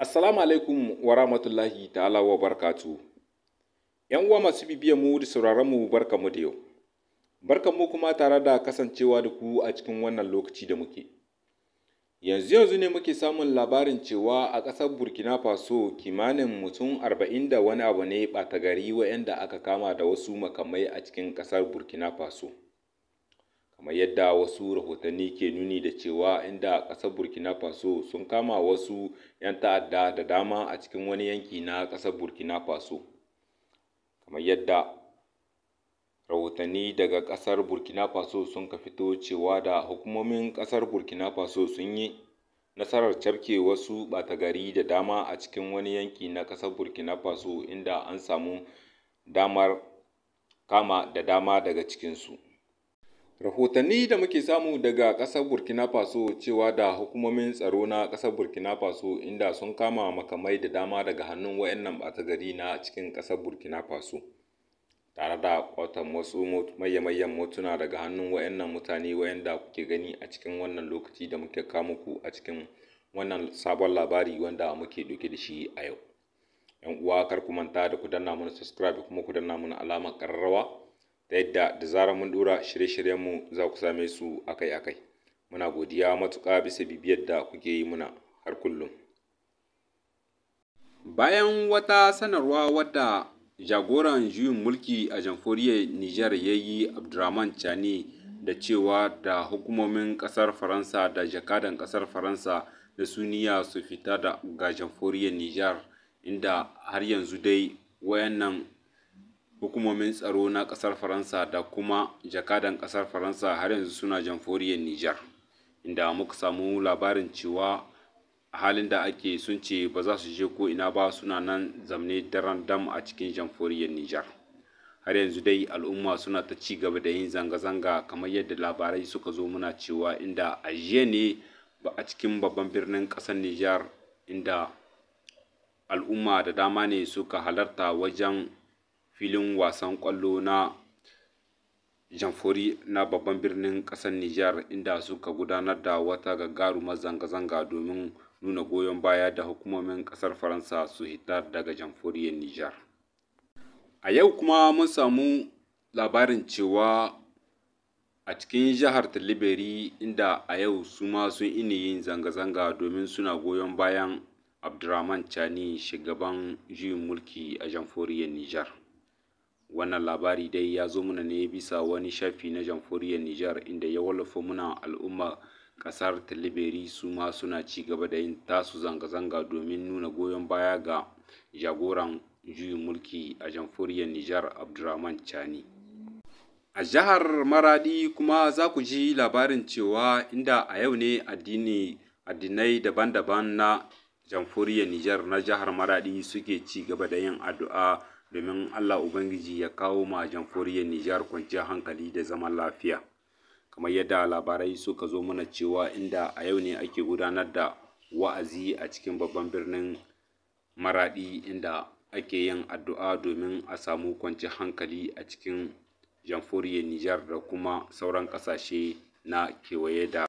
Assalamu alaikum wa rahmatullahi ta'ala wa barkatu. ‘Yan uwa masu bibiyar mu da sauraron mu barka mu da yau. Barka mu kuma tare da kasancewa da ku a cikin wannan lokaci da muke. Yanzu yanzu ne muke samun labarin cewa a ƙasar Burkina Faso kimanin mutum arba'in da wani abu ne ɓata gari waɗanda aka kama da wasu makamai a cikin ƙasar Burkina Faso. kamar yadda wasu rahotanni ke nuni da cewa inda ƙasar burkina faso sun kama wasu 'yan ta'adda da dama a cikin wani yanki na ƙasar burkina faso kamar yadda rahotanni daga ƙasar burkina faso sun ka fito cewa da hukumomin ƙasar burkina faso sun yi nasarar cafke wasu ɓata gari da dama a cikin wani yanki na ƙasar burkina faso inda an samu damar kama da dama daga cikinsu rahotanni da muke samu daga ƙasar burkina faso cewa da hukumomin tsaro na ƙasar burkina faso inda sun kama makamai da dama daga hannun wayannan ɓata gari na cikin ƙasar burkina faso tare da kwatan wasu mayyamayyan mayen motuna daga hannun wayannan mutane wayanda kuke gani a cikin wannan lokaci da muke kama ku a cikin wannan sabon labari wanda muke ɗauke da shi a yau yan uwa kar ku manta da ku danna mana subscribe kuma ku danna mana alamar ƙararrawa ta yadda da zarar mun dura shirye-shiryenmu za ku same su akai-akai. Muna godiya matuƙa bisa bibiyar da kuke yi muna har kullum. Bayan wata sanarwa wadda jagoran juyin mulki a jamhuriyar Nijar ya yi Abdurrahman Chani da cewa da hukumomin ƙasar Faransa da jakadan ƙasar Faransa da suniya su fita da ga jamhuriyar Nijar inda har yanzu dai wayannan hukumomin tsaro na ƙasar faransa da kuma jakadan ƙasar faransa har yanzu suna jamforiyar nijar inda muka samu labarin cewa a halin da ake sun ce ba za su je ko ina ba suna nan zamne daren dam a cikin jamforiyar nijar har yanzu dai al'umma suna ta ci gaba da yin zanga-zanga kamar yadda labarai suka zo muna cewa inda a ne ba a cikin babban birnin kasar nijar inda al'umma da dama ne suka halarta wajen filin wasan kwallo na Jamhuri na babban birnin kasar Nijar inda suka gudanar da wata gagarumar zanga-zanga domin nuna goyon baya da hukumomin kasar Faransa su hitar daga jamhuriyar Nijar. A yau kuma mun samu labarin cewa a cikin jihar Liberi inda a yau su ma sun ini yin zanga-zanga domin suna goyon bayan Abdurrahman Chani shugaban juyin mulki a jamhuriyar Nijar. wannan labari dai ya zo muna ne bisa wani shafi na jamhuriyar Nijar inda ya wallafa muna al'umma kasar ta su ma suna ci gaba da yin tasu zanga-zanga domin nuna goyon baya ga jagoran juyin mulki a jamhuriyar Nijar Abdurrahman Chani. A jihar Maradi kuma za ku ji labarin cewa inda a yau ne addini addinai daban-daban na jamhuriyar Nijar na jihar Maradi suke ci gaba da yin addu'a domin Allah Ubangiji ya kawo ma jamhuriyar Nijar kwanciyar hankali da zaman lafiya. Kamar yadda labarai suka zo mana cewa inda a yau ne ake gudanar da wa'azi a cikin babban birnin maraɗi inda ake yin addu'a domin a samu kwanciyar hankali a cikin jamhuriyar Nijar da kuma sauran ƙasashe na kewaye da